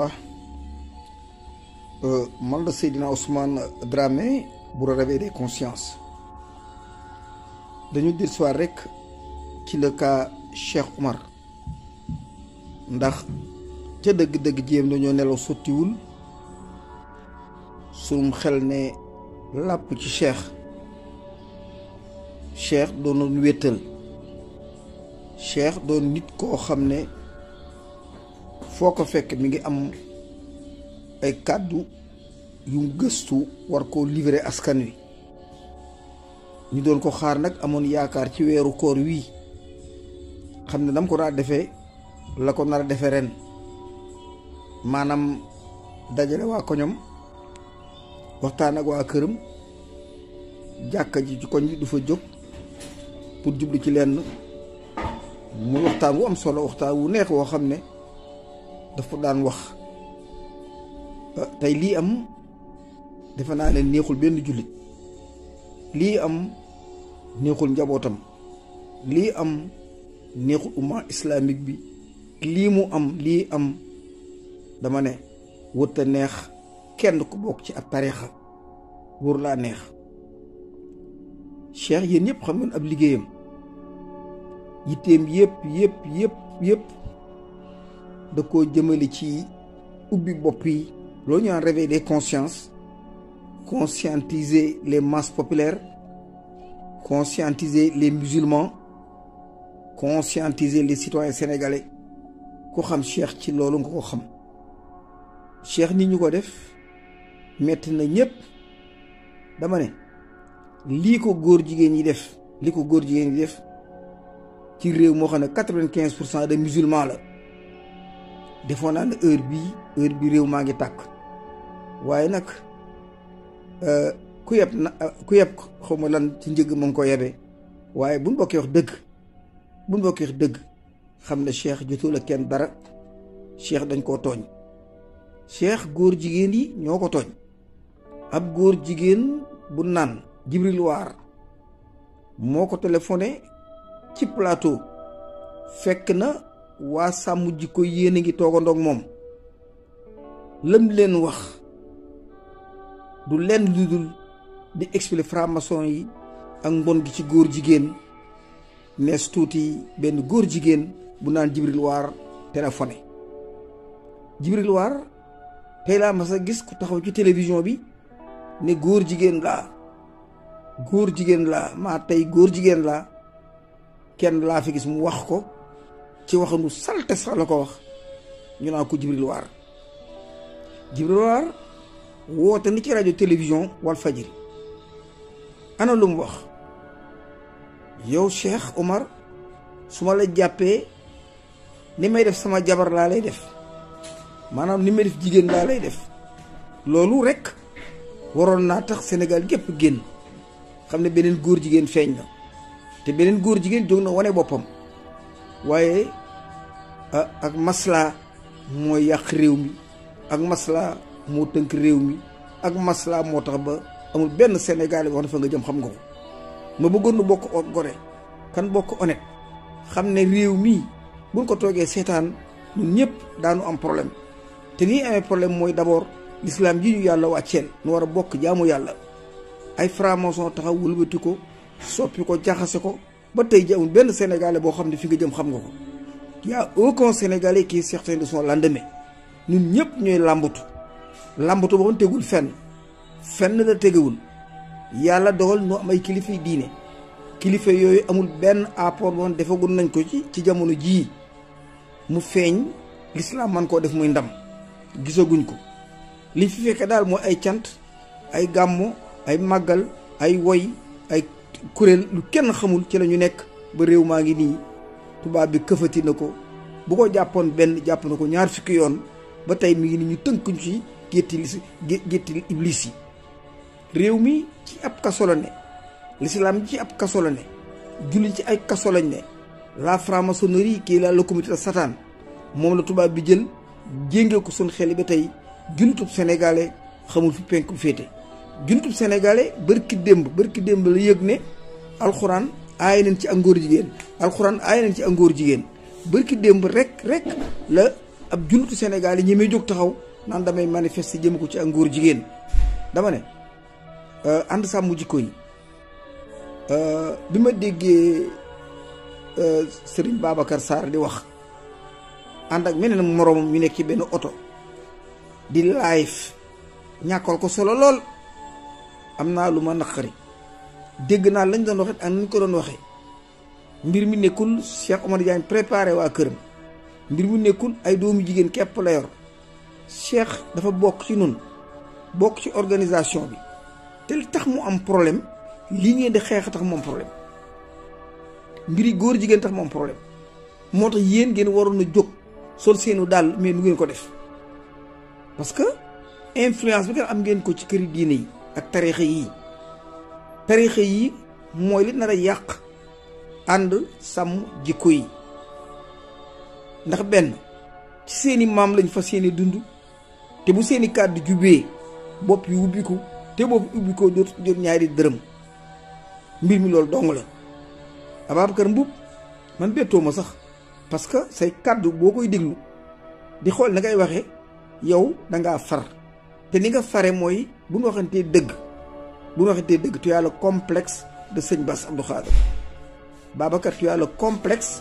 rahmatullah euh, mal la Seydina Ousmane Dramé pour rêver des consciences dañu dir soir rek ki le cas Cheikh Omar ndax ca deug deug jéem dañu nelaw sottiwul sum xel né làpp ci Cheikh Cheikh non wétal Cheikh do nit ko xamné foko fekk mi ngi am ay kaddu yu geustu war ko livrer askan wi ñu doon ko xaar nak amoon yaakar ci wéru koor wi xamne dam ko ra defee la ko nara a ren manam dajale ko ñom waxtaan ak wa kërëm jakka ji ci koñ bi du fa jog pour jublu ci lenn mu waxtaan wu am solo waxtaan wu neex wo xamne dafa daan wax tey lii am defe naa ne neexul benn jullit lii am neexul njabootam lii am neexul umma islamique bi lii mu am lii am dama ne wërta neex kenn ku bokk ci ab tariixa wóor laa neex cheikh yéen ñëpp xam ngeen ab liggéeyam yitteem yëpp yëpp yëpp yëpp De ko jëmale ci ubbi bop yi lo ñu naan réveil des consciences conscientiser les masses populaires conscientiser les musulmans conscientiser les citoyens sénégalais ko xam cheikh ci lolu ko xam cheikh ni ñu ko def metti na ñépp dama ne li ko góor jigen yi def li ko jigen def ci de musulmans la defoo naa ne heure bii heure bi réew maa ngi tàkk waaye nag euh, ku yeb na ku yeb xaw ma lan ci njëg ma ngi ko yebe waaye buñ bokkee wax dëgg bu bokkee wax dëgg xam na Cheikh jotul ak kenn dara Cheikh dañ koo tooñ Cheikh góor jigéen yi ñoo ko tooñ ab góor jigéen bu naan Jibril moo ko téléphoné ci plateau fekk na wa samu jikko yene gi dong mom. moom lëm leen wax du len lu di expliquer franc-maçon yi ak ngon gi ci gor jigen nees touti ben gor jigen bu nan Jibril war téléphoné Jibril war tey laa mas gis ku taxaw ci télévision bi ne gor jigen la gor jigen la ma tay gor jigen la ken la fi gis mu wax ko ci waxandu salte sax la ko wax ñu naa ko Jibril Waar Jibril Waar woote ni ci rajo télévision wal fajiri ana lu mu wax yow Cheikh Omar su ma la jàppee ni may def sama jabar laa lay def maanaam ni may def jigéen laa lay def loolu rekk waroon naa tax Sénégal gépp génn xam ne beneen góor jigéen feeñ na te beneen góor jigéen jóg na wane boppam waaye ak maslaa moo yàq réew mi ak maslaa moo tënk réew mi ak maslaa moo tax ba amul benn Sénégalais wax na fa nga jëm xam nga ko ma bëggoon nu bokk gone kan bokk honnête xam ne réew mii buñ ko toogee seetaan ñun ñëpp daanu am problème te ni amee problème mooy d'abord l'islam ji ñu yàlla wàcceel nu war a bokk jaamu yàlla ay franc-maçon taxaw wëlbati ko soppi ko jaxase ko ba tey ji benn sénégalais boo xam ne fi nga jëm xam nga ko y a aucun sénégalais qui est certain de son lendemain ñun ñëpp ñooy làmbatu làmbatu boobu tegul fenn fenn la tegewul yàlla dogal noo am ay kilifa yu diine kilifa yooyu amul benn apport boo defagul nañ ko ci ci jamono jii mu feeñ lislaam man koo def muy ndam gisaguñ ko liñ fi fekkee daal mooy ay cant ay gàmmu ay màggal ay woy kuréel lu kenn xamul ci la ñu nekk ba réew maa ngi nii tubaab bi këfati na ko bu ko jàppoon benn jàpp na ko ñaar fukki yoon ba tey mi ngi ni ñu tënkuñ ci gétti li gétti iblis yi réew mi ci ab kaso la ne l'islam ci ab kaso la ne julli ci ay kaso lañ ne la franc kii la la comité satan moom la tubaab bi jël jéngee ko sun xel ba tey jullitub sénégalais xamul fi penku féete jullitub sénégalais bërki démb bërki démb la yëg ne alxuraan aaye ci ak ngóor jigéen alxuraan aaye ci ak ngóor jigéen bërki démb rek rek la ab jullitu Sénégal yi ñi may jóg taxaw naan damay manifester jëm ko ci ak ngóor jigéen dama ne euh, ànd sàmm jikko yi euh, bi ma déggee euh, sëriñ Babacar Sarr di wax ànd ak meneen moroomam ñu nekk ci benn oto di live ñàkkal ko solo lool am naa lu ma naqari dégg naa lañ doon waxit ak ni ñu ko doon waxee mbir mi nekkul Cheikh Omar Diagne préparé waa këram mbir mi nekkul ay doomu jigéen képp la yor Cheikh dafa bokk ci noonu bokk ci organisation bi te li tax mu am problème li ngeen di xeex tax moom problème mbiri góor jigéen tax moom problème moo tax yéen ngeen waroon na jóg sol seenu daal mais nu ngeen ko def parce que influence bi nga am ngeen ko ci këri diine yi ak tariixa yii tarixa yi mooy li nar a yàq ànd sàmm jikko yi ndax benn ci seeni maam lañ fa yéene dund te bu seeni kàdd jubee bopp yu ubbiku te bopp ubbikoo dootu jot ñaari dërëm mbir mi loolu dong la Ababacar Mboup man bettoo ma sax parce que say kàddu boo koy déglu di xool na ngay waxe yow dangaa far te li nga fare mooy bu ñu waxantee dëgg bu ñu waxatee dëgg tu de sëñ Bass Abdou Khadre Babacar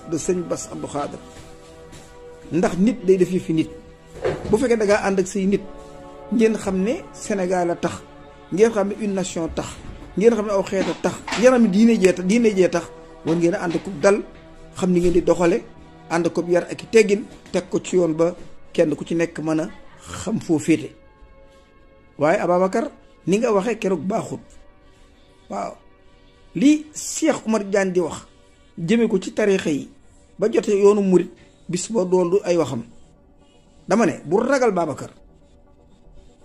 de sëñ Bass Abdou ndax nit day def fi nit bu fekkee da ngaa ak say nit ngeen xam ne Sénégal a tax ngeen xam ne une nation tax ngeen xam ne aw xeet tax ngeen xam ne diine jee tax diine ngeen a ànd ko dal xam ni ngeen di doxale ànd ko yar ak i teggin teg ko ci yoon ba kenn ku ci nekk mën a xam foo féete waaye Ababacar ni nga waxe keroog baaxut waaw li Cheikh Oumar Diagne di wax jëme ko ci tariixa yi ba jote yoonu murit bis ba doolu ay waxam dama ne bu ragal babakar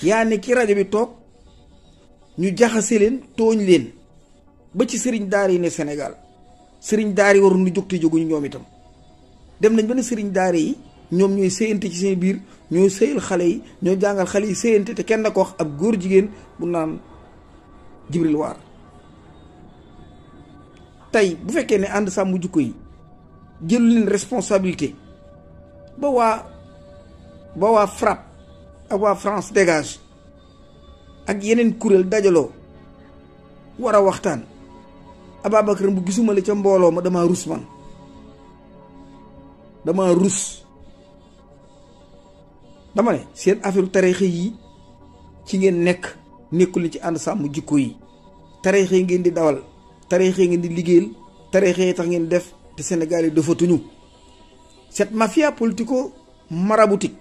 yaa ne ci bi toog ñu jaxase leen tooñ leen ba ci sëriñ daara yi ne Sénégal sëriñ daara waru waroon nu jóg te jóguñu ñoom itam dem nañ ba ne sëriñ yi ñoom ñooy séyante ci seen biir ñoo sëyal xale yi ñoo jàngal xale yi te kenn da wax ab góor jigéen bu naan jibril bu ne ànd sàmm jukko yi jëlu leen responsabilité ba waa ba frappe ak france dégage ak yeneen kuréel dajaloo war a waxtaan ababacar bu gisuma la ca mbooloo ma dama rus man dama rus dama ne seen affaire tarixa yi ci ngeen nekk nekkul ci ànd sàmm jikko yi tarixa yi ngeen di dawal tarixa yi ngeen di liggéeyal tarixa yi tax ngeen def te Sénégal yi dafatuñu cette mafia politico maraboutique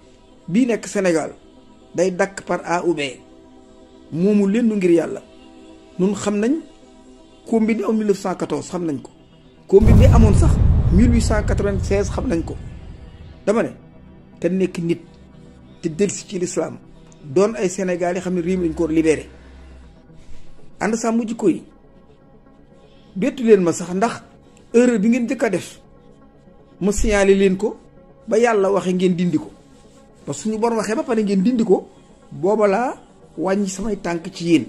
bi nekk Sénégal day dakk par A ou B moomu leen nu ngir yàlla nun xam nañ combi bi amoon 1914 xam nañ ko combi bi amoon sax 1896 xam nañ ko dama ne te nekk nit te delsi ci lislaam doon ay Sénégal yi xam ne riim mi ko ko libéré ànd sàmm jikko yi bettu leen ma sax ndax erreur bi ngeen jëkk a def mu signalé leen ko ba yàlla waxe ngeen dindi ko parce suñu borom waxee ba pare ngeen dindi ko booba laa wàññi samay tànk ci yéen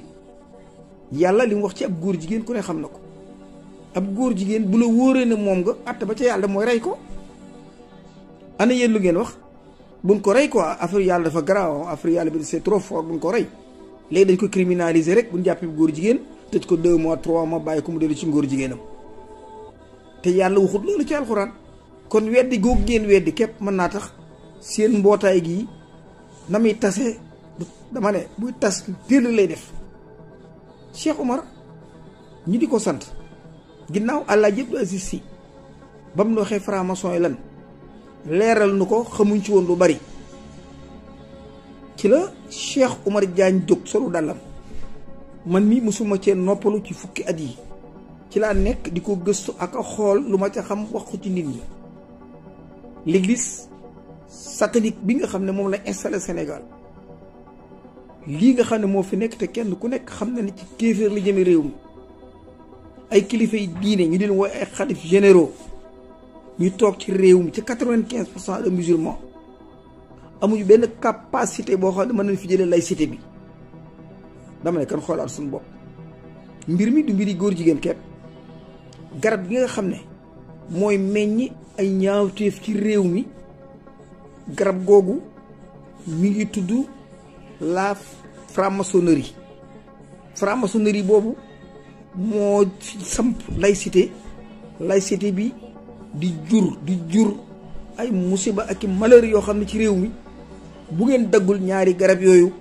yàlla li mu wax ci ab góor jigéen ku ne xam na ko ab góor jigéen bu la wóoree ne moom nga àtte ba ca yàlla mooy rey ko ana yen lu ngeen wax buñ ko rey quoi affaire yàlla dafa garaaw affaire yàlla bi see trop fort buñ ko rey léegi dañ ko criminaliser rek buñ jàppee góor jigéen tëj ko deux mois trois mois bàyyi ko dellu ci ngóor jigéenam te yàlla waxut loolu ci alxuraan kon weddi googu ngeen weddi képp mën naa tax seen mbootaay gi na tase dama ne buy tas teel lay def Cheikh Omar ñu di ko sant ginnaaw allah jëpp du Aziz si ba mu waxee franc yi lan leeral nu ko xamuñ ci woon lu bari ci la Cheikh Oumar Diagne jóg solu dàllam man mi mosuma cee noppalu ci fukki at yi ci laa nekk di ko gëstu ak a xool lu ma ca xam wax ci nit ñi l'église satanique bi nga xam ne moom la installé Sénégal lii nga xam ne moo fi nekk te kenn ku nekk xam na ne ci kéeféer la jëme réew mi ay kilifa yi diine ñu leen wooy ay xalif généraux ñu toog ci réew mi ci quatre vingt pour cent de musulmans amuñu benn capacité boo xam ne mën nañ fi jëlee laïcité bi dama ne kan xoolaat suñu bopp mbir mi du mbiri góor jigéen kepp garab gi nga xam ne mooy meññi ay ñaawteef ci réew mi garab googu mu ngi tudd la franc-maçonnerie boobu moo fi samp laïcité laïcité bi di jur di jur ay musiba ak i malheur yoo xam ne ci réew mi bu ngeen daggul ñaari garab yooyu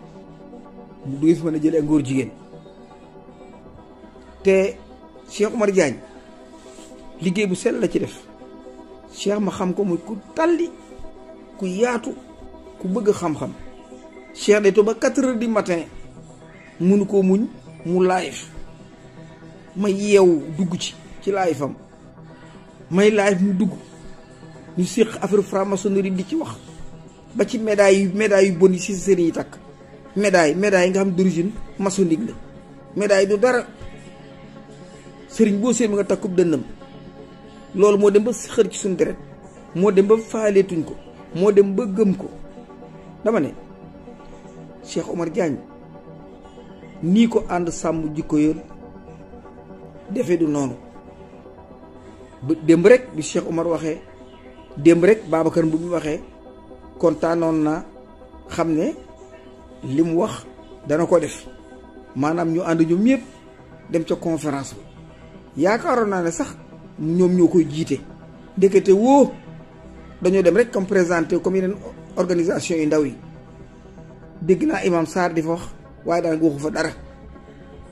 mu duy fi mën a jële ak ngóor jigéen te Cheikh Oumar liggéey bu sell la ci def Cheikh ma xam ko muy ku tàlli ku yaatu ku bëgg xam-xam Cheikh day toog ba quatre heures du matin mënu koo muñ mu live ma yeewu dugg ci ci live am may live mu dugg ñu séq affaire franc-maçonnerie di ci wax ba ci médailles yu médailles yu bon yi si sëriñ yi takk médaille médaille yi nga xam d'origine maçonnique la médaille du dara sëriñ boo seen mi nga takkub dënnam loolu moo dem ba xër ci suñu deret moo dem ba faaleetuñ ko moo dem ba gëm ko dama ne Cheikh Omar Diagne nii ko ànd sàmm jikko yoon defe du noonu démb rek bi Cheikh Omar waxee démb rek Babacar bu mu waxee kontaanoon naa xam ne li mu wax dana ko def maanaam ñu ànd ñoom ñëpp dem ca conférence bi yaakaaroon naa ne sax ñoom ñoo koy jiite ndekete woo dañoo dem rek comme présenté comme yeneen organisation yu ndaw yi dégg naa Imam Sarr di fa wax waaye daanaka waxu fa dara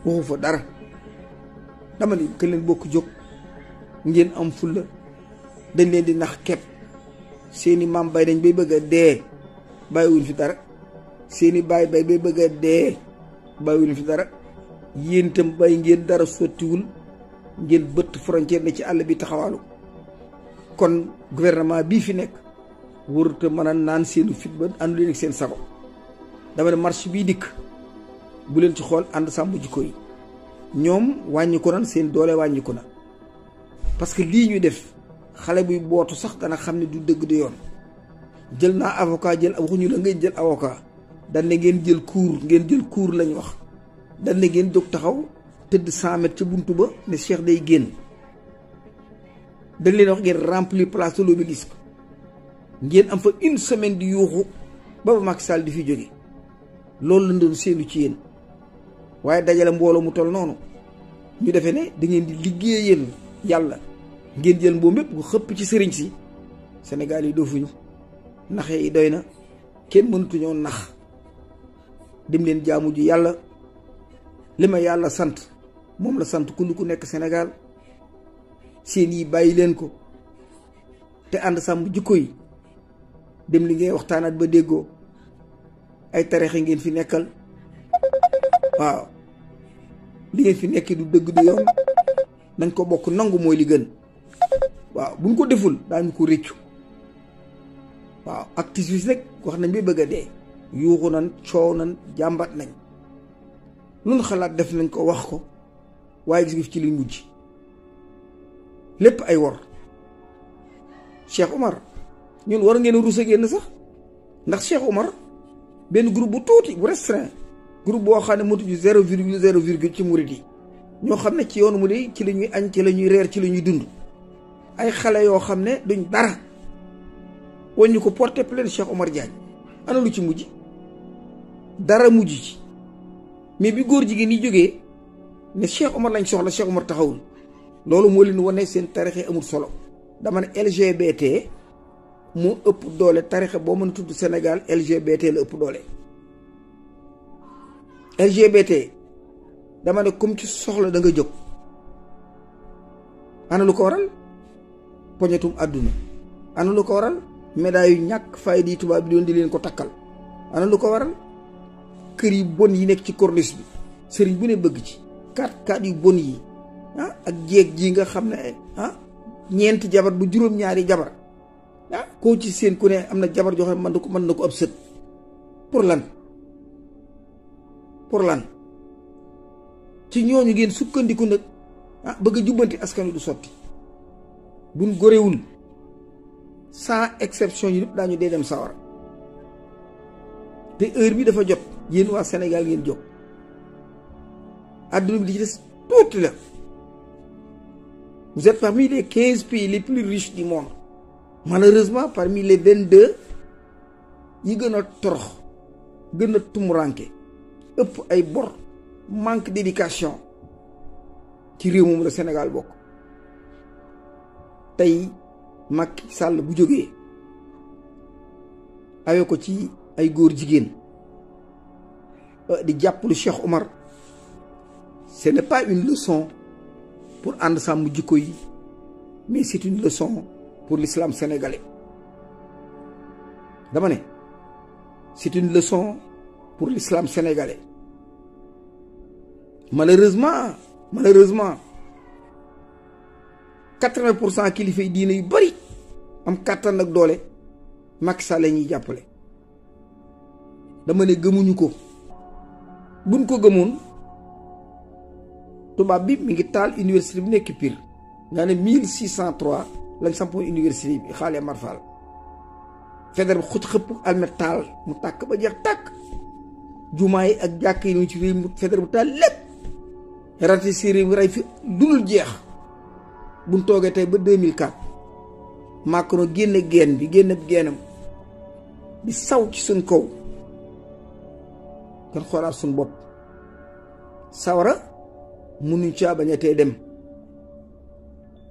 waxu fa dara dama ni que bokk jóg ngeen am fulla dañ leen di nax kep seeni mam bay dañ bay bëgg dé bay wuñ fi dara seeni bay bay bay bëgg dé bay wuñ fi dara yéen itam bàyyi ngeen dara soti wul ngeen bëtt frontière na ci àll bi taxawalu kon gouvernement bi fi nek wërta mëna naan seenu fit ba àndu leen ak seen sago dama ne marché bi dik bu leen ci xol and sambu jikko yi ñom wañi ko nan seen doole wañi ko nan parce que lii ñuy def xale buy bootu sax dana xam ne du dëgg du yoon jël naa avocat jël waxuñu la ngeen jël avocat dañ ne ngeen jël cour ngeen jël cour lañ wax dañ ne ngeen jóg taxaw tëdd 100 mètres ca buntu ba ne Cheikh day génn dañ leen wax ngeen remplir place de l'Obélisque ngeen am fa une semaine di yuuxu ba ba Macky Sall di fi jóge loolu la doon seenu ci yéen waaye dajale mbooloo mu toll noonu ñu defee ne da ngeen di liggéey yéen yàlla ngeen jël mboom mépp gu xëpp ci sëriñ si senegal yi doofuñu naxe yi doy na kenn mënatuñoo nax dem leen jaamu ji yàlla li ma yàlla sant moom la sant ku ku nekk senegal seen yi bàyyi leen ko te ànd sàmm jikko yi dem li ngay waxtaanaat ba déggoo ay tarixa ngeen fi nekkal waaw li ngeen fi nekk du dëgg du yoon nañ ko bokk nangu mooy li gën waaw buñ ko deful daañu ko rëccu waaw activiste rek wax nañ bi bëgg a dee yuuxu nañ coow nañ jàmbat nañ luñ xalaat def nañ ko wax ko waaye gis ci liñ mujj lépp ay wor Cheikh Omar ñun war ngeen rus a génn sax ndax Cheikh Omar benn groupe bu tuuti bu restreint groupe boo xam ne motu ju zéro virgule zéro virgule ci murit yi ñoo xam ne ci yoonu mu di ci la ñuy añ ci la ñuy reer ci la ñuy dund ay xale yoo xam ne duñ dara waññu ko porté plainte Cheikh Omar Diagne ana lu ci mujj dara mujj ci mais bi góor jigéen yi jógee ne Cheikh Omar lañ soxla Cheikh Omar taxawul loolu moo leen wane seen tarixe amul solo dama ne LGBT moo ëpp doole tarixe boo mën a tudd Sénégal LGBT la ëpp doole LGBT dama ne comme ci soxla da nga jóg ana lu ko waral poñetum àdduna ana lu ko waral médaille yu ñàkk fayda yi tubaab bi doon di leen ko takkal ana lu ko waral kër yu bon yi nekk ci corniche bi sëriñ bu ne bëgg ci kaat kaat yu bon yi ah ak jéeg ji nga xam ne ah ñeenti jabar bu juróom-ñaari jabar ah koo ci seen ku ne am na jabar joo xam ne na ko mën na ko ab sët pour lan pour lan ci ñooñu ngeen sukkandiku nag ah bëgg a jubbanti askan du sotti buñ góorewul sans exception yi yëpp daañu dee dem sawara te heure bi dafa jot yéen waa Sénégal ngeen jóg adduna bi di ci des tuuti la vous êtes parmi les quinze pays les plus riches du monde malheureusement parmi les vingt deux yi gën a torox gën a tumuranke ëpp ay bor manque d'éducation ci réew moom la Sénégal bokk tey Macky Sall bu jógee awee ko ci ay góor jigéen euh, di jàppalu Cheikh Omar ce n'est pas une leçon pour ànd sàmm jikko yi mais c'est une leçon pour l'islam sénégalais dama ne c'est une leçon pour l'islam sénégalais malheureusement malheureusement 80% vingt pour kilifa yi diine yu bëri am katan ak doole Macky Sall la ñuy jàppale dama ne gëmuñu ko buñ ko gëmoon tubaab bi mi ngi taal université bi nekk Pire nga ne mille lañ sampoon université bi xaale marfal feder bi xut xëpp almet taal mu tàkk ba jeex tàkk jumaa yi ak jàkk yi ñu ci réew mu feder bu taal lépp ratisserie bi rey fi dul jeex buñ toogee tey ba 2004 Macron génne geen bi génne geenam bi saw ci suñ kaw kon xoolaat suñ bopp sawara mënuñ caa bañ a tee dem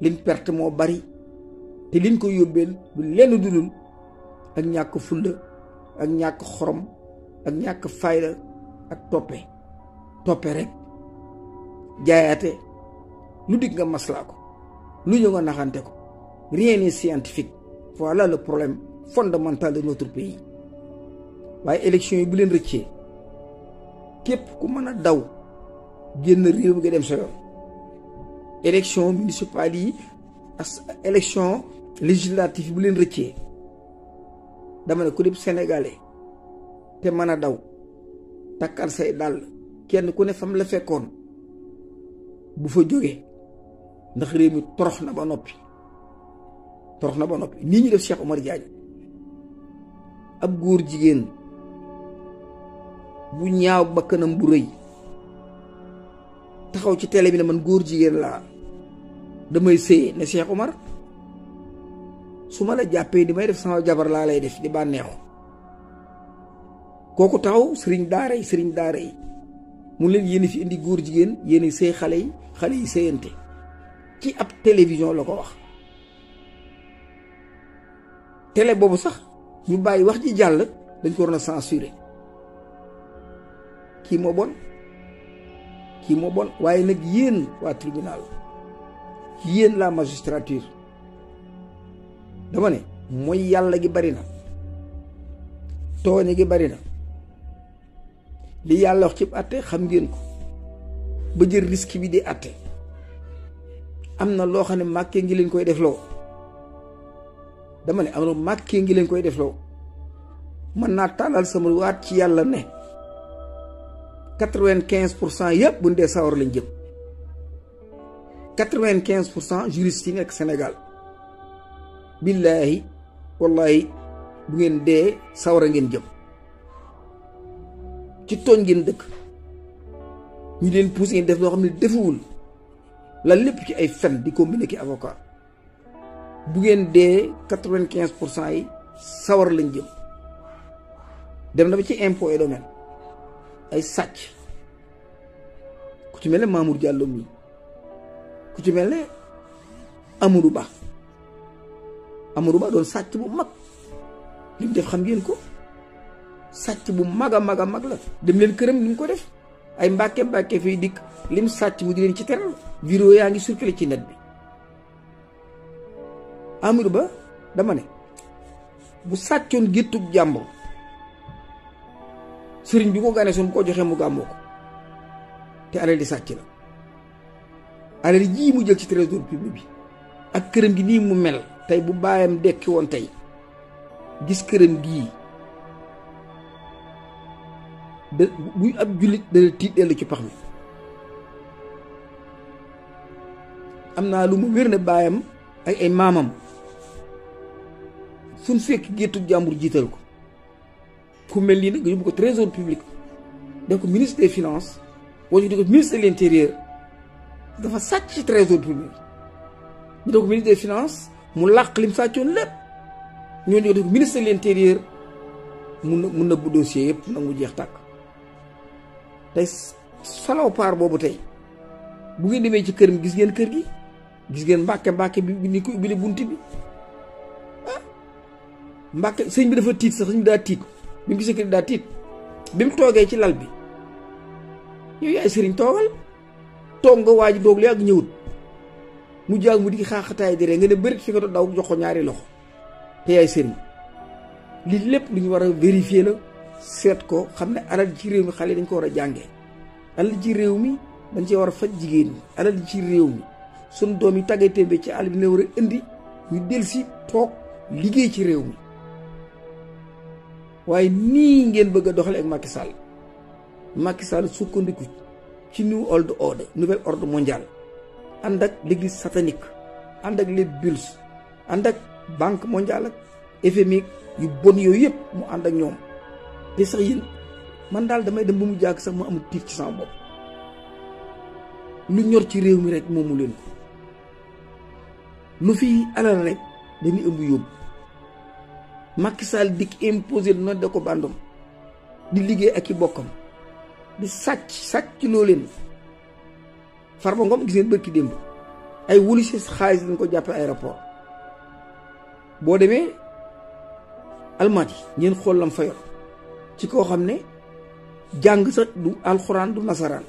liñ perte moo bari te liñ ko yóbbeel du lenn dudul ak ñàkk fulla ak ñàkk xorom ak ñàkk fayda ak toppe toppe rek jaayaate lu dig nga maslaa ko lu ñu nga naxante ko rien n'est scientifique voilà le problème fondamental de notre pays waaye élection yi bu leen rëccee képp ku mën a daw génn réew mi nga dem sa yoon élection municipale yi as élection législative bu leen rëccee dama ne ku dib sénégalais te mën a daw takkal say dàll kenn ku ne fam la fekkoon bu fa jógee ndax réew mi torox na ba noppi torox na ba noppi nii ñu def Cheikh Omar Diagne góor jigéen bu ñaaw bakkanam bu rëy taxaw ci télé bi ne man góor jigéen laa damay sëy ne Cheikh su ma la jàppee di may def sama jabar laa lay def di bànneexu kooku taxaw sëriñ daara yi sëriñ daara yi mu leen yéen fi indi góor jigéen yéen sëy xale yi xale yi sëyante ci ab télévision la ko wax télé boobu sax ñu bàyyi wax ci jàll dañ ko waroon a censurer kii moo bon kii moo bon waaye nag yéen waa tribunal yéen la magistrature dama ne mooy yàlla gi bari na tooñe gi bari na li yàlla wax ci àtte xam ngeen ko ba jël risque bi di àtte am na loo xam ne màkkee ngi leen koy def loo dama ne am na màkkee ngi leen koy def loo mën naa tàllal sama waat ci yàlla ne quatre-vingt-quinze pour cent yëpp bu ñu dee sawar lañ jëm quatre-vingt-quinze pour cent juriste yi nekk Sénégal billaahi wallaahi bu ngeen dee sawar a ngeen jëm ci tooñ ngeen dëkk ñu leen pousse ngeen def loo xam ne defuwul la lépp ci ay fen di combiner ki avocat bu ngeen dee quatre-vingt-quinze pour cent yi sawar lañ jëm dem na ba ci impôt et domaine ay sàcc ku ci mel ne Mamour Diallo mi ku ci mel ne Amadou Ba Amadou Ba doon sàcc bu mag li def xam ngeen ko sàcc bu mag a mag a mag la dem leen këram ni mu ko def ay mbàkke mbàkke fiy dikk lim sàcc mu di leen ci teral vidéo yaa ngi circulé ci net bi Amadou Ba dama ne bu sàccoon géttug jàmbur sëriñ bi ko ganee soon bu ko joxee mu gàmmoo ko te alal di sàcc la alal jii mu jël ci trésor public bi ak këram gi nii mu mel tey bu baayam dekki woon tey gis këram gii da buy ab julit dana tiit dellu ci pax mi am lu mu wér bayam baayam ak ay mamam fuñ fek géttu jambour jiital ko ku melni nii nag nga ko trésor public donc ko ministre des finances wala di ko ministre de l'intérieur intérieur dafa sàcc ci trésor public ñu def ministre des finances mu laq lim sàccoon lepp ñoo ñu ko def ministre de l'intérieur intérieur mun na bu dossier yépp nag jeex tak tey saloo paar boobu tey bu ngeen demee ci kër mi gis ngeen kër gi gis ngeen mbàkke mbàkke bi ni ko ubbi bunt bi ah mbàkke sëñ bi dafa tiit sax sëñ bi daa tiit bi mu gisee kër daa tiit bi mu toogee ci lal bi yow yaay sëriñ toogal toog nga waa ji toog lu yàgg ñëwut mu jàng mu di xaaxataay di ree nga ne bërit fi nga doon daw jox ko ñaari loxo te yaay sëriñ lii lépp lu ñu war a vérifier la set ko xamne alal ci réew mi xale dañ ko wara jangé alal ci mi dañ ci wara jigen alal ci mi sun doom yi tàggatee ci ne indi ñu del ci tok liggé ci réew mi waaye ni ngeen bëgg a doxale ak Macky Sall Macky Sall sukkandiku ci new old order nouvelle ordre mondial andak ak l'église satanique ànd ak les bulls ànd ak banque ak FMI yu bon yoyep mu andak ak te sax yéen man daal damay dem ba mu jàgg sax mu amul tiit ci sama bopp lu ñor ci réew mi rek moomu leen ko lu fi alal rek dañuy ëmb yóbbu Macky Sall dikk imposé na da ko bandom di liggéey ak i bokkam di sàcc sàcc loo leen Farba Ngom gis ngeen bërki démb ay wuli si xaalis dañ ko jàppe aéroport boo demee almaati ngeen xool lam ci koo xam ne jàng sa du alxuraan du nasaraan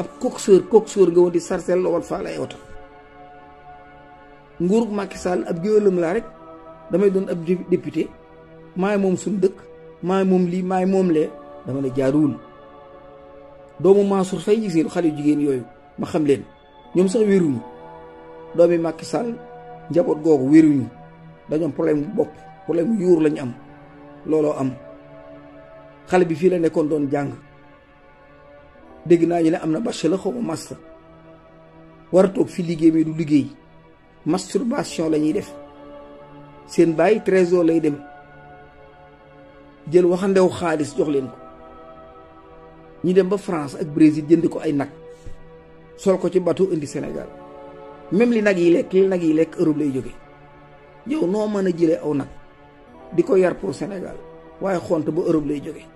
ab coxeur coxeur nga woon di sarcel la woon faa lay oto nguurug màkki Sall ab géwëlam laa rek damay doon ab député maay moom suñ dëkk maay moom lii maay moom lee dama ne jaaruwul doomu Mansour Faye yi seen xale jigéen yooyu ma xam leen ñoom sax wéruñu doomi Macky Sall njaboot googu wéruñu dañoo am bu bopp problème yuur lañu am looloo am xale bi fii la nekkoon doon jàng dégg naa ñu ne am na bachelor xaw ma master war fi liggéey mi du liggéey masturbation lañuy def seen bàyyi trésor lay dem jël waxandew xaalis jox leen ko ñu dem ba France ak Brésil jënd ko ay nag sol ko ci bateau indi Sénégal même li nag yi lekk li nag yi lekk Europe lay jóge yow noo mën a jële aw nag di ko yar pour Sénégal waaye xont ba Europe lay jóge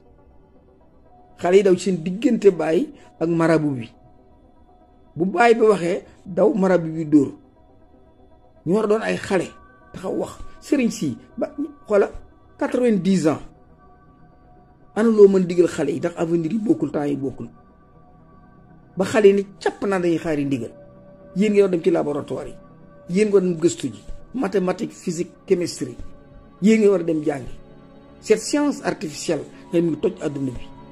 xale yi daw ci seen diggante baay ak marabu bi bu baay bi waxee daw marabu bi dóor ñu war a doon ay xale taxaw wax sëriñ si ba xoola quatre-vingt-dix ans ana mën digal xale yi ndax avenir yi bokkul temps yi bokkul ba xale yi ni càpp naa dañuy xaari ndigal yéen ngeen war dem ci laboratoire yi yéen nga war dem gëstu ji mathématique physique chimistrie yéen ngeen war dem jàngi cette science artificielle nga mu ngi toj àdduna bi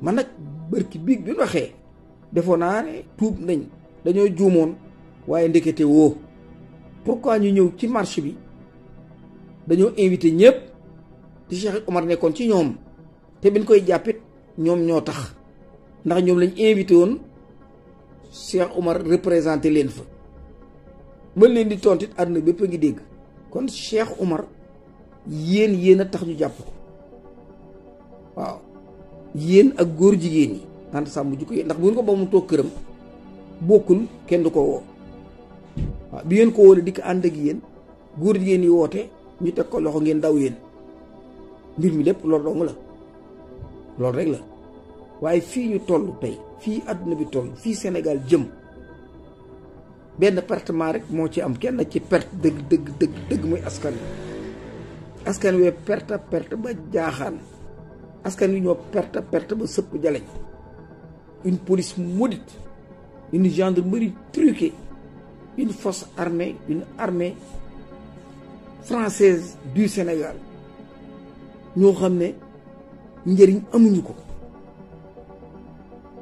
man nag bërki biig bi ñu waxee defoo naa ne tuub nañ dañoo juumoon waaye ndekete woo pourquoi ñu ñëw ci marché bi dañoo invité ñëpp te Cheikh Omar nekkoon ci ñoom te biñ koy jàppit ñoom ñoo tax ndax ñoom lañ invité woon Cheikh Omar représenté leen fa mën leen di tontit àdduna bépp a ngi dégg kon Cheikh Omar yéen yéen a tax ñu jàpp ko waaw yen ak góor jigen ñi naan sam jikko yi ndax bu ngeen ko ba mu toog bokul bokkul du ko wo bi ngeen ko woone dik and ak yen góor jigen yi woote ñu tek ko loxo ngeen daw yen mbir mi lepp loolu dong la loolu rek la waye fi ñu tollu tay fi aduna bi toll fi Sénégal jëm ben appartement rek mo ci am kenn ci perte deug deug deug deug muy askan askan we perte perte ba jaaxaan askan ñu a perte perte ba sepp une police maudite une gendarmerie truquée une force armée une armée française du Sénégal nous xamné amuñu ko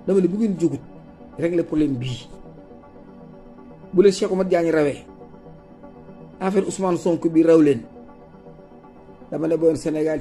dama bu régler problème bu Cheikh affaire Ousmane Sonko bi dama Sénégal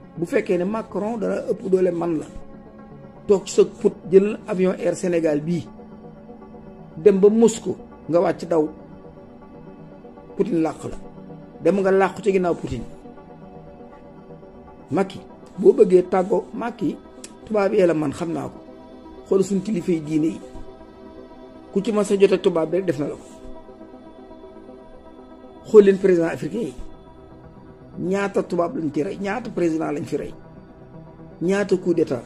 bu fekkee ne Macron dana ëpp doole man la toog sa put jël avion air Sénégal bii dem ba ko nga wàcc daw Poutine làqu la dem nga làqu ci ginnaaw Poutine Macky boo bëggee tàggoo Macky tubaab yee la man xam naa ko xool suñ kilifa yi diine yi ku ci ma sa jote tubaab bi rek def na la ko xool leen président africain yi ñaata tubaab lañ ci rey ñaata président lañ fi rey ñaata coup d'état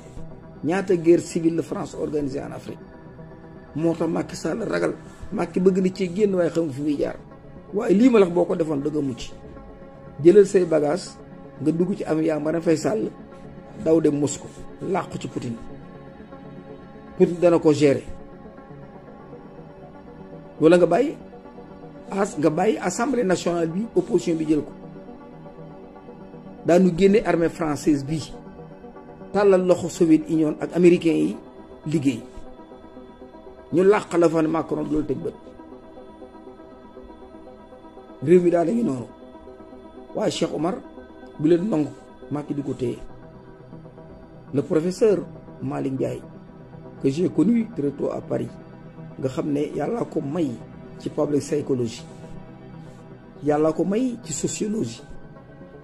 ñaata guerre civile la France organisée en Afrique moo tax Macky Sall ragal Macky bëgg na ci génn waaye xam nga fi muy jaar waaye lii ma lax boo ko defoon da nga jëlal say bagage nga dugg ci am yaa mën a fay sàll daw dem Moscou làqu ci Poutine Poutine dana ko gérer wala nga bàyyi as nga bàyyi assemblée nationale bi opposition bi jël ko daanu génne armée française bi talal loxo Soviet Union ak américain yi liggéey ñu làq la fa Macron loolu teg bët réew mi da la ngi noonu wa Cheikh Omar bu leen nangu Macky di ko téye le professeur Malick Ndiaye que j'ai connu très tôt à Paris nga xamné yalla ko may ci public psychologie yalla ko may ci sociologie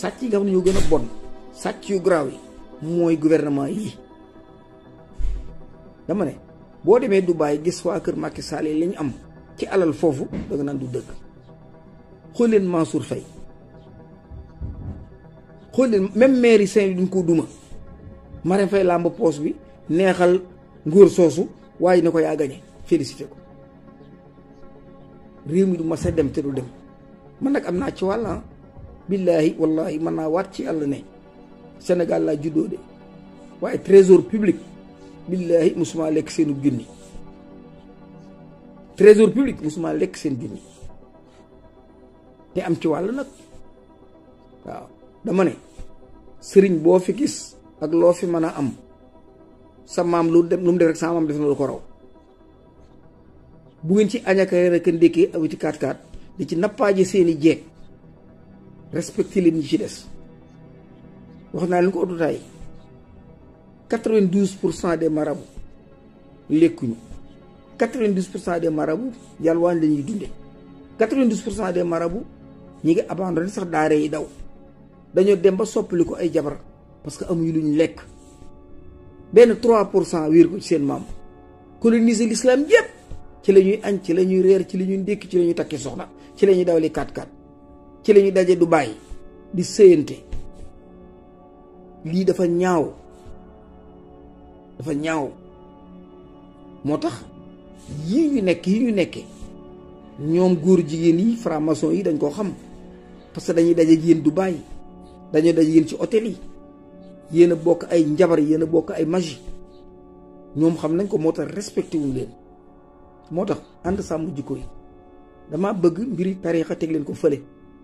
sàcc yi nga xam ne ñoo gën a bon sàcc yu garaaw yi mooy gouvernement yi dama ne boo demee Dubaï gis waa kër Macky Sall lañu am ci alal foofu da nga naan du dëgg xool leen Mansour Faye xool leen même maire yi seen duñ ko duma Marème Faye làmb poos bi neexal nguur soosu waaye ne ko yaa gañe félicité ko réew mi du ma sa dem te du dem man nag am naa ci wàll ah. billaahi wallaahi mën naa waat ci yàlla ne Sénégal laa juddoo de waaye trésor public billaahi musuma lekk seenu junni trésor public lekk seen junni te am ci wàll nag waaw dama ne sëriñ boo fi gis ak loo fi mën a am sa maam lu dem lu mu def rek sa maam def na lu ko raw bu ci añaka rek ndékkee ak ci kaat kaat di ci nappaaje seeni jeeg respecté leen ñi ci des wax naa leen ko audutaay quatre-vingt-douze pour cent des marabouts lekkuñu quatre-vingt-douze pour des marabouts yalwaan la ñuy dunde quatre-vingt-douze pour cent des ñi ngi abandonné sax daara yi daw dañoo dem ba soppali ay jabar parce que amuñu luñ lekk benn trois pour cent wéer ko ci seen maam coloniser l'islam yépp ci la ñuy añ ci la ñuy reer ci la ñuy ndékki ci la ñuy takki soxna ci la ñuy dawli 4-4 ci lañu dajé du bay di seyenté li dafa ñaaw dafa ñaaw motax yi ñu nekk yi ñu nekké ñom goor jigéen yi franc-maçon yi dañ ko xam parce que dañuy dajé yeen du bay dañu dajé yeen ci hôtel yi yeen bok ay njabar yeen bok ay magie ñom xam nañ ko motax respecté wu leen motax and mu jikko yi dama bëgg mbiri tariixa teg leen ko feulé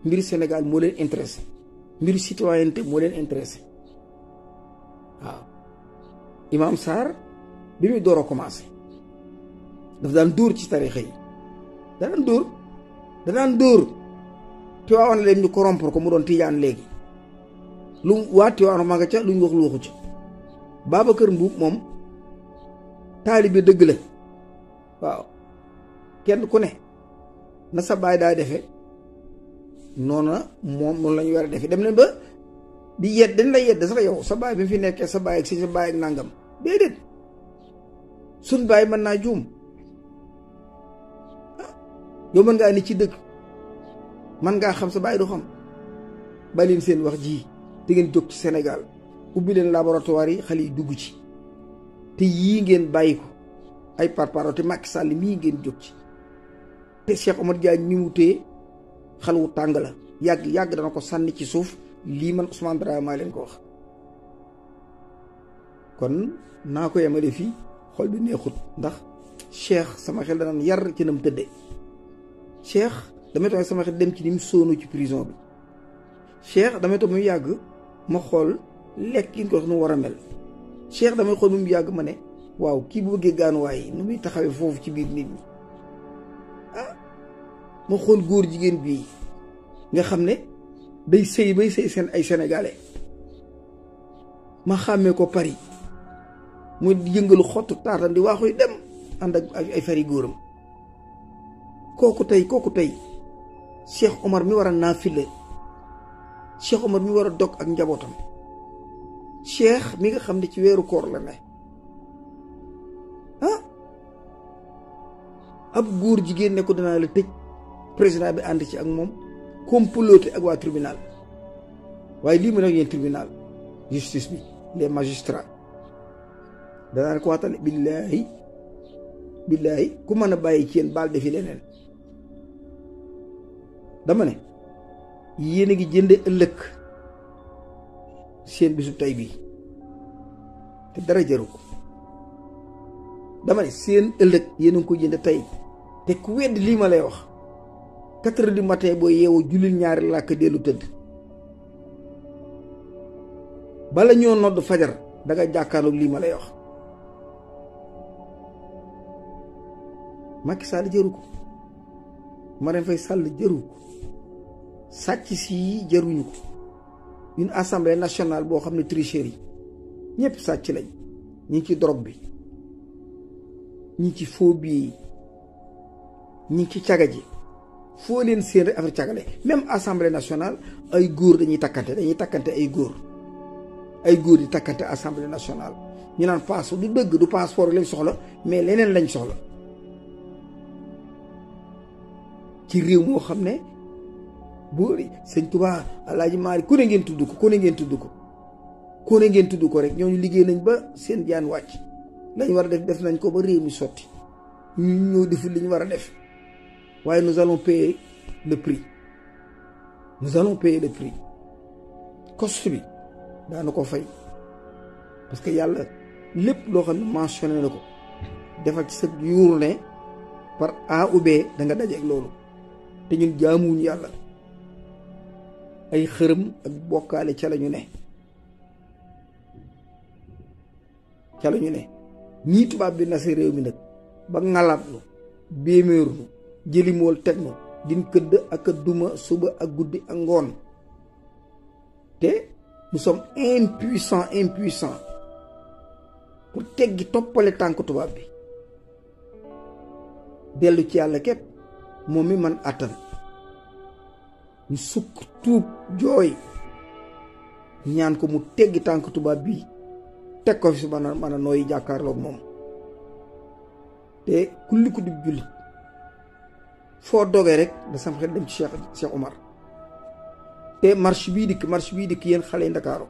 mbiru Sénégal moo leen intéressé mbiru citoyenneté moo leen intéressé waaw Imaam Sarr bi muy door a commencé daf daan dóor ci tarixa yi da dóor da daan dóor Tiwaawan leen ñu corrompre ko mu doon Tijaan léegi lu waa Tiwaawan ma nga ca lu ñu wax lu ci ca kër Mbuub moom taalibe dëgg la waaw kenn ku ne na sa baay daa defe noona moom moom la war a defee dem leen ba di yedd dañ lay yedd sax yow sa baay bi fi nekkee sa baay ak si sa bàyyi ak nàngam déedéet suñ baay mën naa juum ah. yow mën ngaa ni ci dëkk mën ngaa xam sa baay du xam baleen seen wax ji te ngeen jóg ci senegal ubbi leen laboratoire yi xale yi dugg ci te yii ngeen bàyyi ko ay parparo te Macky Sall mii ngeen jóg ci te Cheikh Omar Diagne ñi mu xal tàng la yàgg yàgg dana ko sànni ci suuf lii man Ousmane Dramé maa leen ko wax kon naa ko yemale fii xol bi neexut ndax cheikh sama xel danaan yar ci nam tëdde cheikh damay toog sama xel dem ci ni mu sóonu ci prison bi cheikh damay toog mu yàgg ma xool lekk yi ko wax nu war a mel cheikh damay xool mu yàgg ma ne waaw kii bu bëggee gaanuwaay nu muy taxawee foofu ci biir nit ñi ma xool góor jigéen bii nga xam ne day sëy bay sëy seen ay sénégalais ma xàmmee ko Paris mu jëngalu xottu taatam di waaxuy dem ànd ak ay fari góoram kooku tey kooku tey Cheikh Omar mi war a naafile Cheikh Omar mi war a dog ak njabootam Cheikh mi nga xam ne ci weeru koor la ne ah ab góor jigéen ne ko danaa la tëj président bi ànd ci ak moom comploté ak waa tribunal waaye lii mu nekk yéen tribunal justice bi les magistrats danaa ko waxtaan billaahi billaahi ku mën a bàyyi ci yéen baal defi leneen dama yéen a ngi jënde ëllëg seen bisub tay bii te dara jëru ko dama ne seen ëllëg yéen a ko jënd tey te ku wedd lii ma lay wax 4 heures du matin bo yeewoo julil ñaari làkk delu teud bala ñoo nodd fajar da nga jakkalu li ma lay wax Macky Sall jëru ko Marème Faye Sall jëru ko sàcc si jëruñu ko une assemblée nationale bo xamni ne yi ñepp sacc lañ ñi ci drogue bi ñi ci phobie ñi ci caga fo len seen rek affaire tiagalé même assemblée nationale ay góor dañuy takanté dañuy takanté ay góor ay góor di takanté assemblée nationale ñu nan passe du deug du passeport lañ soxla mais lenen lañ soxla ci réew mo xamné ne seigne touba Tuubaa mari ku ne ngeen tuddu ko ku ne ngeen tuddu ko ku ne ngeen tuddu ko rek ñoo ñu liggéey nañ ba seen jaan wacc lañ wara def def nañ ko ba réew mi sotti ñu ñëw deful li ñu def waaye nous allons payer le prix nous allons payer le prix cost bi daana ko fay parce que yàlla lépp loo xam ne mentionné na ko defal ci sa yuur ne par A ou B da nga dajeeg loolu te ñun jaamuwuñu yàlla ay xërëm ak bokkaale ca la ñu ne ca la ñu ne ñii tubaab bi na si réew mi nag ba ngalaat lu béeméerlu jëlimool teg ma din këdd ak duma suba ak guddi ak ngoon te nous sommes impuissants impuissants pour teggi toppale tànk tubaab bi dellu ci yàlla kep moom man atan, ñu sukk tuub jooy ñaan ko mu teggi tànk tubaab bi teg ko fi su mën a mën a te kulli di foo dogee rek da sam xel dem ci Cheikh Cheikh Omar te marche bii dikk marche bii dikk yéen xale yi Ndakaaru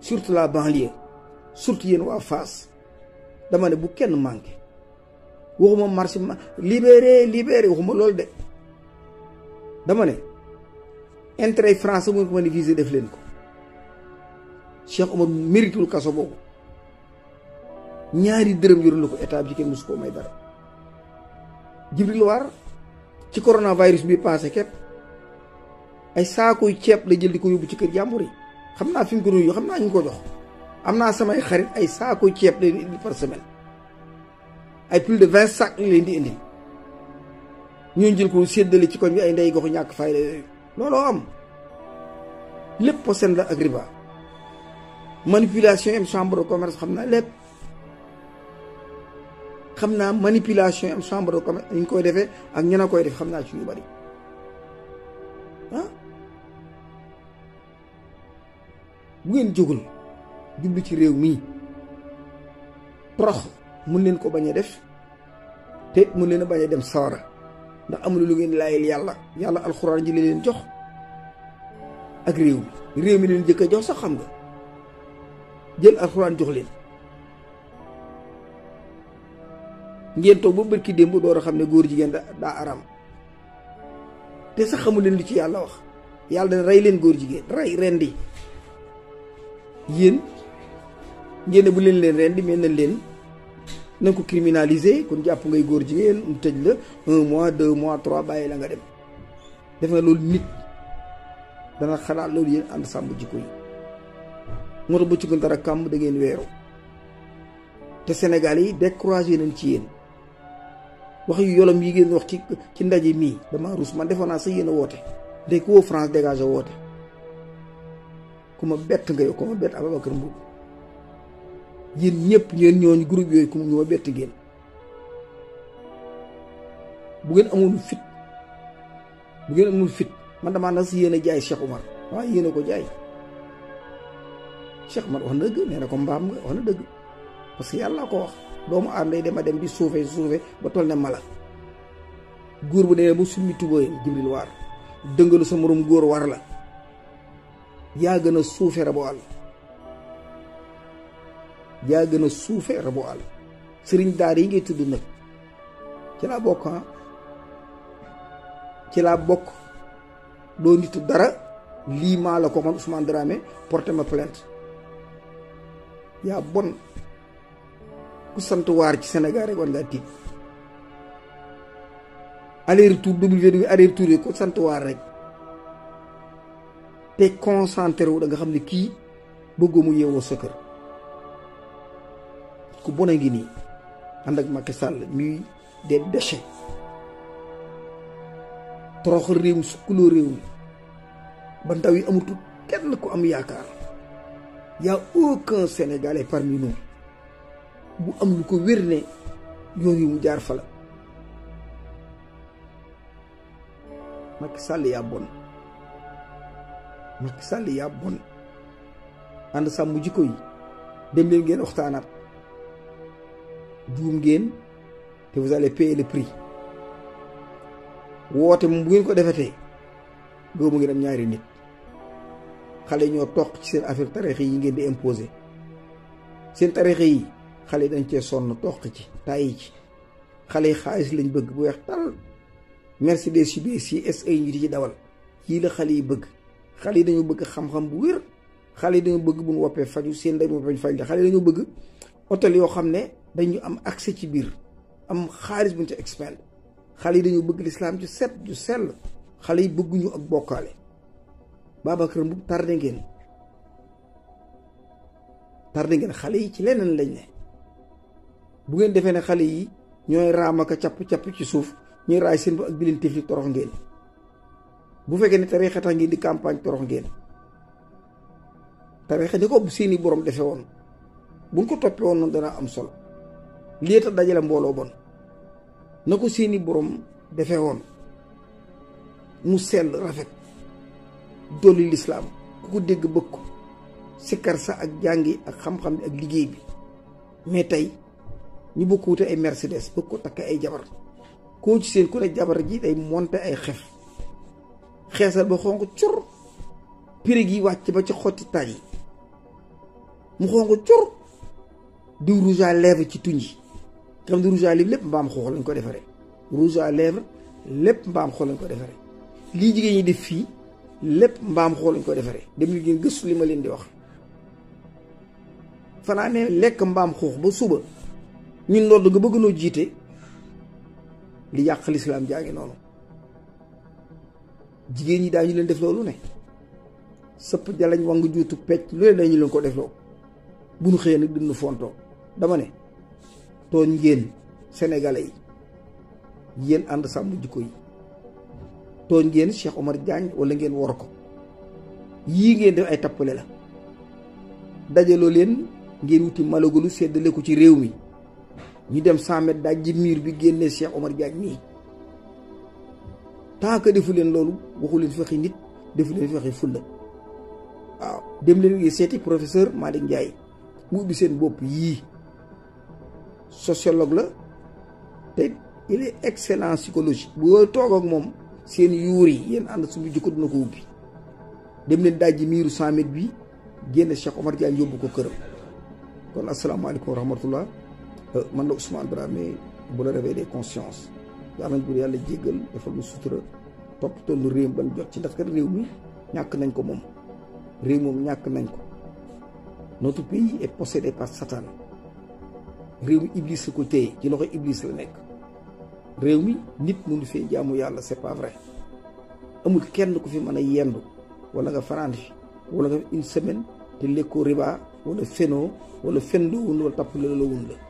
surtout la banlieue surtout yéen waa Fass dama ne bu kenn manqué waxuma marche libéré libéré waxuma loolu de dama ne intérêt français mu ko mën a viser def leen ko Cheikh Omar méritul kaso boobu ñaari dërëm yoru la ko état bi ci kenn mosu koo may dara Djibril War ci coronavirus bi passé képp ay saakoy ceeb la jël di ko yóbbu ci kër jàmbur yi xam naa fi mu ko nuyu xam naa ñu ko jox am naa samay xarit ay saakuy ceeb la di par semaine ay plus de vingt sacs ñu leen di indi ñoo jël ko séddale ci koñ bi ay ndey gox ñàkk fay la looloo am lépp posen la ak riba manipulation am chambre commerce xam naa lépp xam naa manipulation yi am chambre de commerce ñu koy defee ak ñen a koy def xam naa ci ñu bari ah? bu ngeen jógul jublu ci réew mii prox mun leen ko bañ a def te mun leen a bañ a dem sawara ndax amul lu ngeen laayil yàlla yàlla alxuraan ji leen jox ak réew mi réew mi leen jëkk a jox sax xam nga jël alxuraan jox leen ngeen toog ba bërki démb doo a xam ne góor jigéen daa aram te sax xamu leen lu ci yàlla wax yàlla dana rey leen góor jigéen rey rendi yéen ngeen ne bu leen leen rendi mel na leen na ko criminaliser kon jàpp ngay góor jigéen mu tëj la mois deux mois trois bàyyi la nga dem def nga loolu nit dana xalaat loolu yéen ànd sàmm jikko yi moo tax ba ci gën dara kàmm da ngeen weeru te Sénégal yi découragé nañ ci yéen wax yu yolom yi ngeen wax ci ci ndaje mii dama ruus man defoon naa sa yéen a woote ndey ku woo France dégage woote ku ma bett nga yow ku ma bett Ababacar Mbow yéen ñëpp ñeen ñooñu groupe yooyu ku ñu ma bett ngeen bu ngeen amoon fit bu ngeen amoon fit man damaa nas yéen a jaay Cheikh Omar waaw yéen ko jaay Cheikh Omar wax na dëgg nee ko mbaam nga wax na dëgg parce yàlla ko wax doomu aadama day dem a dem bi suufee suufee ba toll ne mala góor bu demee ba summi jibril waar dëngalu sa morom góor war la yaa gën a suufe rabu yaa gën a suufe rabu sëriñ daar yi ngay tudd nag ci laa bokk ah ci laa bokk doo nitu dara lii maa la ko man Ousmane Dramé porté ma plainte yaa bon ku sant waar ci Sénégal rek war ngaa tiit aller retour W e, aller yi ku sant waar rek te concentré wu da nga xam ne kii bëggoo mu yeewoo sa kër ku bon a ngi nii ànd ak Macky Sall ñuy des déchets toroxal ndaw yi amatul kenn ku am yaakaar y a aucun parmi nous bu am lu ko wér ne yoon yi mu jaar fa la Macky Sall yaa bon Macky ànd sàmm jikko yi dem leen ngeen waxtaanaat juum ngeen te vous allez payer le prix woote moom bu ngeen ko defetee mu ngeen am ñaari nit xale ñoo toq ci seen affaire tarixe yi ngeen di imposer seen tarixe yi xalé dañ ci sonn tok ci tay ci xalé xaliss lañ bëgg bu weex tal merci des bees yi SA di ci dawal yii la xalé yi bëgg xalé dañu bëgg xam-xam bu wër xalé dañu bëgg ñu wopé faju seen day mo faj fañ xalé dañu bëgg hôtel yo xamné dañu am accès ci bir am xaalis buñ ci expel xalé dañu bëgg l'islam ci set ju sel xalé yi ñu ak bokalé babakar mu tardé ngeen tardé ngeen xalé yi ci lénen lañ né bu ngeen defé ne xalé yi ñoy raam ak ciap capp ci suuf ñi ray seen bu ak bilil tifli torox ngeen bu fekké ne di campagne torox ngeen tarixa ni ko seeni borom defe won bu ko topé won dana am solo li tax dajala mbolo bon nako seeni borom defe won mu sel rafet doli l'islam ku ko dégg a sikar sa ak jàngi ak xam-xam ak liggéey bi mais tay ñu bëgg ko wute ay Mercedes bëgg ko takk ay jabar koo ci seen ku jabar ji day monte ay xef xeesal ba xonq cur pirig yi wàcc ba ci xotti taaj yi mu xonq cur diw rouge à lèvre ci tuñ yi xam di rouge lépp mbaam xoox lañ ko defaree rouge à lèvre lépp mbaam xoox lañ ko defaree lii jigéen ñi def fii lépp mbaam xool lañ ko defaree dem li ngeen gëstu li ma leen di wax fanaanee lekk mbaam xoox ba suba ñun loolu nga bëgg noo jiite li yàq lislaam jaa ngi noonu jigéen ñi daañu leen def loolu ne sëpp jalañ wang juutu pecc lu ne dañu leen ko def loo bu nu xëyee nag dina fontoo dama ne tooñ ngeen sénégalais yi yéen ànd sàmm jikko yi tooñ ngeen Cheikh Omar Diagne wala ngeen war ko yii ngeen def ay tappale la dajaloo leen ngeen wuti malagalu seddale ko ci réew mi ñu dem 100 mètres daj ji mur bi génné Cheikh Omar Diagne ni ta ka defu len loolu waxu len fexi nit defu len fexi fulla waaw dem len yé séti professeur malik ndjay mu bi sen bop yi sociologue la té il est excellent psychologie boo tok ak mom sen yuri yi and suñu jikko dina ko ubi dem len daj ji miiru 100 mètres bi génné Cheikh Omar Diagne yóbbu ko këram kon asalaamaaleykum wa rahmatullah Euh, man la Ousmane Dramé bu la réveillé conscience yàlla nañ ko yàlla jéggal defal lu sutura to lu réew ban ñu jot ci ndax kat réew mi ñak nañ ko mom réew mom ñak nañ ko notre pays est possédé par Satan réew Iblis la ko téye ci loxo Iblis la nek réew mi nit mu ñu fee jaamu yalla c'est pas vrai amul kenn ku fi mën yendu wala nga farandi fi wala nga une semaine te lekkoo riba wala fenoo wala fendu wun wala tappale la wun la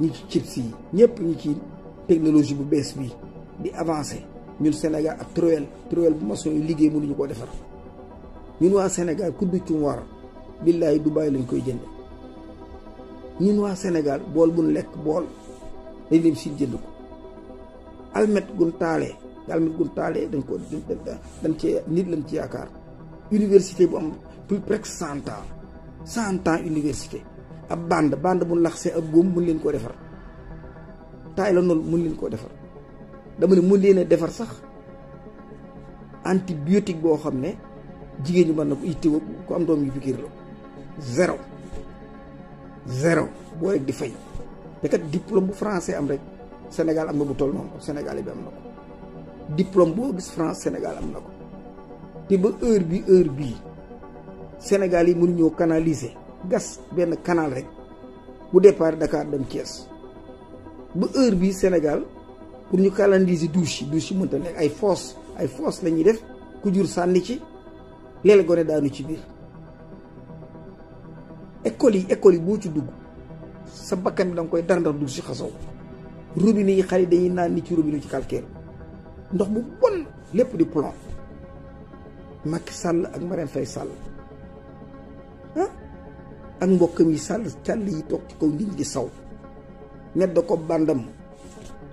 ñi ci chips yi ñëpp ñi ci technologie bu bees bi di avancé ñun senegal ak truelle truelle bu maçon yi liggéey mënuñu koo defar ñun waa senegal kuddu ci war billaay Dubaay lañ koy jënd ñun waa senegal bool buñ lekk bool dañ dem si jënd ko almet gun taalee almet gun taalee dañ ko dañ ci nit lañ ci yaakaar université bu am plus cent ans cent ans université ab bande bande bu laxsee ab góom mun leen ko defar taay la noonu mun leen ko defar dama ne mun leen a defar sax antibiotique boo xam ne man ñi mën wo ko am doom yu fikir lo zéro zéro bo rek di fay kat diplôme bu français am rek Sénégal am na bu toll non Sénégal bi am na diplôme gis France Senegal am na ko urbi, ba heure bi heure bi yi ñoo canaliser. gas benn canal rek bu départ Dakar dem Thiès ba heure bi Sénégal pour ñu calendrier douche yi douche yi mënta nekk ay fosse ay fosse lañuy def ku jur sànni ci léeg gone daanu ci biir école yi école yi boo ci dugg sa bakkan bi da koy darndar dugg si xasaw robinet yi xale dañuy naan ni ci robinet ci calcaire ndox bu bon lépp di plomb Macky Sall ak Marème Faye Sall ah ak mbokkam sal sal yi tok ci kaw nit di saw ñedd ko bandam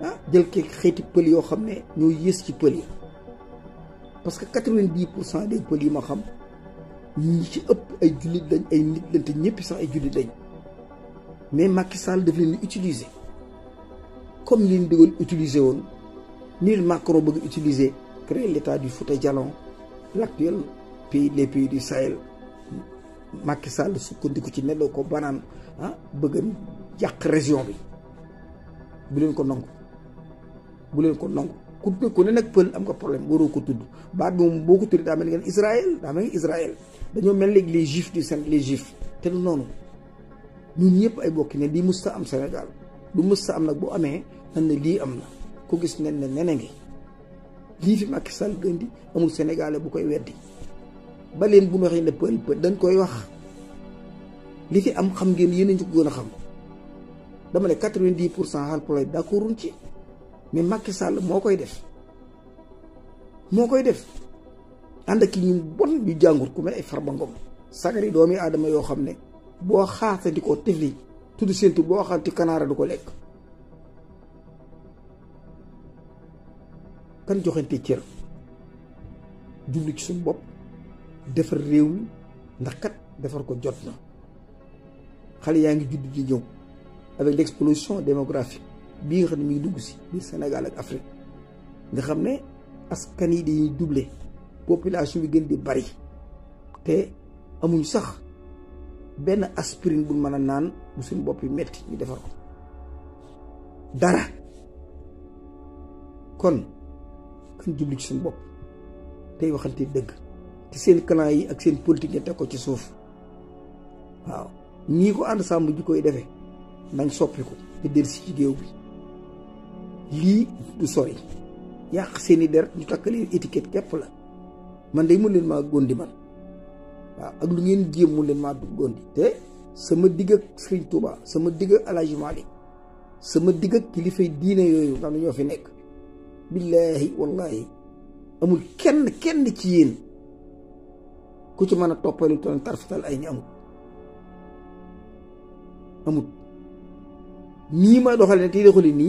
ah jël ke xéti pël yo xamné ne ñoo yées ci pël yi parce que 90% des pël yi ma xam ñi ci ëpp ay jullit lañ ay nit lañ te ñëpp sax ay jullit lañ mais Macky Sall daf leen utiliser comme ni ñu utiliser won ni Macron bëgg utiliser créer l'état du Fouta Djallon l' actuel pays les pays du Sahel. Macky Sall sukkandiku ci ne ko banaan ah bëggan yàq région bi bu leen ko nangu bu leen ko nangu ku ne ku ne nag pël am nga problème waroo ko tudd baat bi moom boo ko tuddee daa mel ni Israël daa dañoo mel léegi les juifs du Sénégal les juifs te noonu ñun ñëpp ay bokki ne mës ta am Sénégal lu mës ta am nag bu amee nan na lii am na ku gis nen ne nene ngi lii fi Macky Sall gën amul Sénégalais bu koy weddi ba len bu ñu waxee ne dañ koy wax li fi am xam ngeen yeen ñu gëna xam dama ne 90% hal play d'accordun ci mais Macky Sall mo koy def mo koy def ànd ak ñu bon ñu jangur ku mel ay Farba Ngom sagari doomi adama yo xamne bo boo diko tefli tuddu sentu bo xanti kanara du ko kan joxenti ciir jublu ci sun bop defar réew mi ndax kat defar ko jot na xale yaa ngi judd di ñëw avec l'explosion démographique bi nga xam ne mi ngi dugg si bi Sénégal ak Afrique nga xam ne askan yi dañuy doubler population bi gën di bari te amuñ sax benn aspirine bu mën a naan bu suñu bopp yi metti ñu defar ko dara kon kan jublu ci suñu bopp tey waxante dëgg ci seen clan yi ak seen politique yi teg ko ci suuf waaw nii ko ànd sàmm ji koy defee nañ soppi ko te dellusi ci géew bi lii du sori yàq seen i der ñu takk leen étiquette képp la man day mun leen maa gondi man waaw ak lu ngeen jéem mun leen maa gondi te sama digg ak Serigne sama digg ak El Hadj Malick sama digg ak kilifay diine yooyu nga xam ne ñoo fi nekk billaahi wallaahi amul kenn kenn ci yéen ku ci mëna a topp lu toll tarfatal ay ni amut ni ma doxale ne tey doxale ni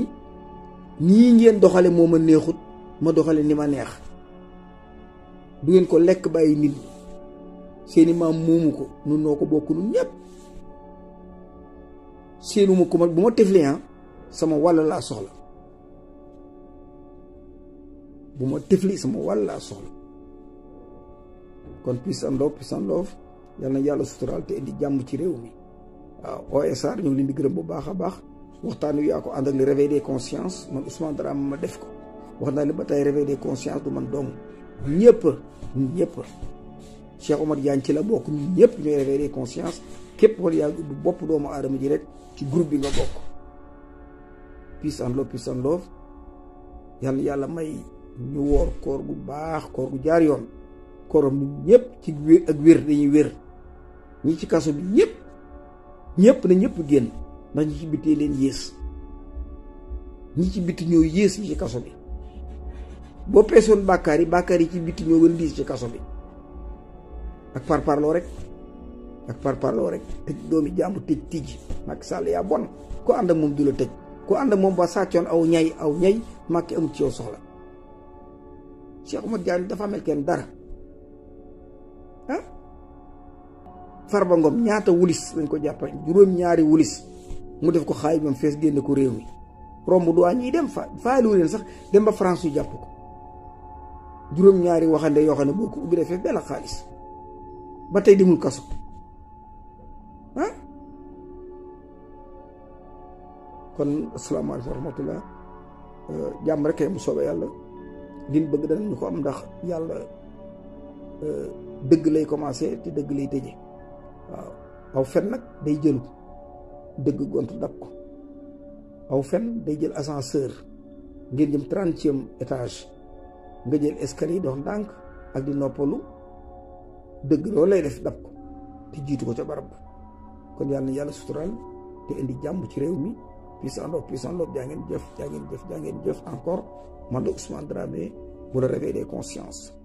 nii ngeen doxale moma ma neexut ma doxale ni ma neex du ngeen ko lek bayyi nit seeni maam moomu ko nun noo ko bokk nun ñëpp ko buma bu ma sama wala la soxla buma sama wala soxla kon peace and love peace and love na yàlla suturaal te jàmm ci réew mi waaw OSR ñu di gërëm bu baax a baax waxtaan wi yaa ànd ak le des consciences man Ousmane Dramé ma def ko wax naa li ba tey réveil des consciences du man dong ñëpp ñëpp Cheikh Omar Diagne ci la bokk ñun ñëpp ñooy réveil képp kon yaa ngi bopp doomu aadama ji rek ci groupe bi nga bokk yàlla may ñu woor koor gu baax koor gu jaar yoon korom bi ñëpp ci ak wér dañuy wér ñi ci kasso bi ñëpp ñëpp na ñëpp yes na ñi ci bitee leen yées ñi ci biti ñoo yées ci kasso bi bo pesson bakari bakari ci biti ñoo gën ci kasso bi ak rek ak rek tej doomi jambu tej sal ya bon ko anda ak mom du la ko anda ak mom ba nyai aw ñay aw ñay Macky am ci yo soxla Cheikh Oumar dafa dara Farbangom Farba Ngom ñaata wulis lañ ko jappal juroom ñaari wulis mu def ko xaay bam fess genn ko rew mi rombu do dem fa faaliwu len sax dem ba France yu japp ko juroom ñaari waxande yo xane boku ubi def bela xaalis ba tay dimul kasso ah kon alaykum wa rahmatullah euh, jam rek mu soobee yàlla liñ bëgg ñu ko am ndax euh, deug lay commencé ti deug lay tëje waaw aw fen nak day jël deug gont dab ko aw fen day jël ascenseur ngir ngeen 30e étage nga jël escalier dox ndànk ak di nopolu deug lo lay def dab ko ti jitu ko ci barab ba kon yalla yalla sutural te indi jamm ci rew mi puissant Lô puissant Lô jaa ngeen jëf jaa ngeen def jaa ngeen jëf encore mando Ousmane Dramé pour réveiller les consciences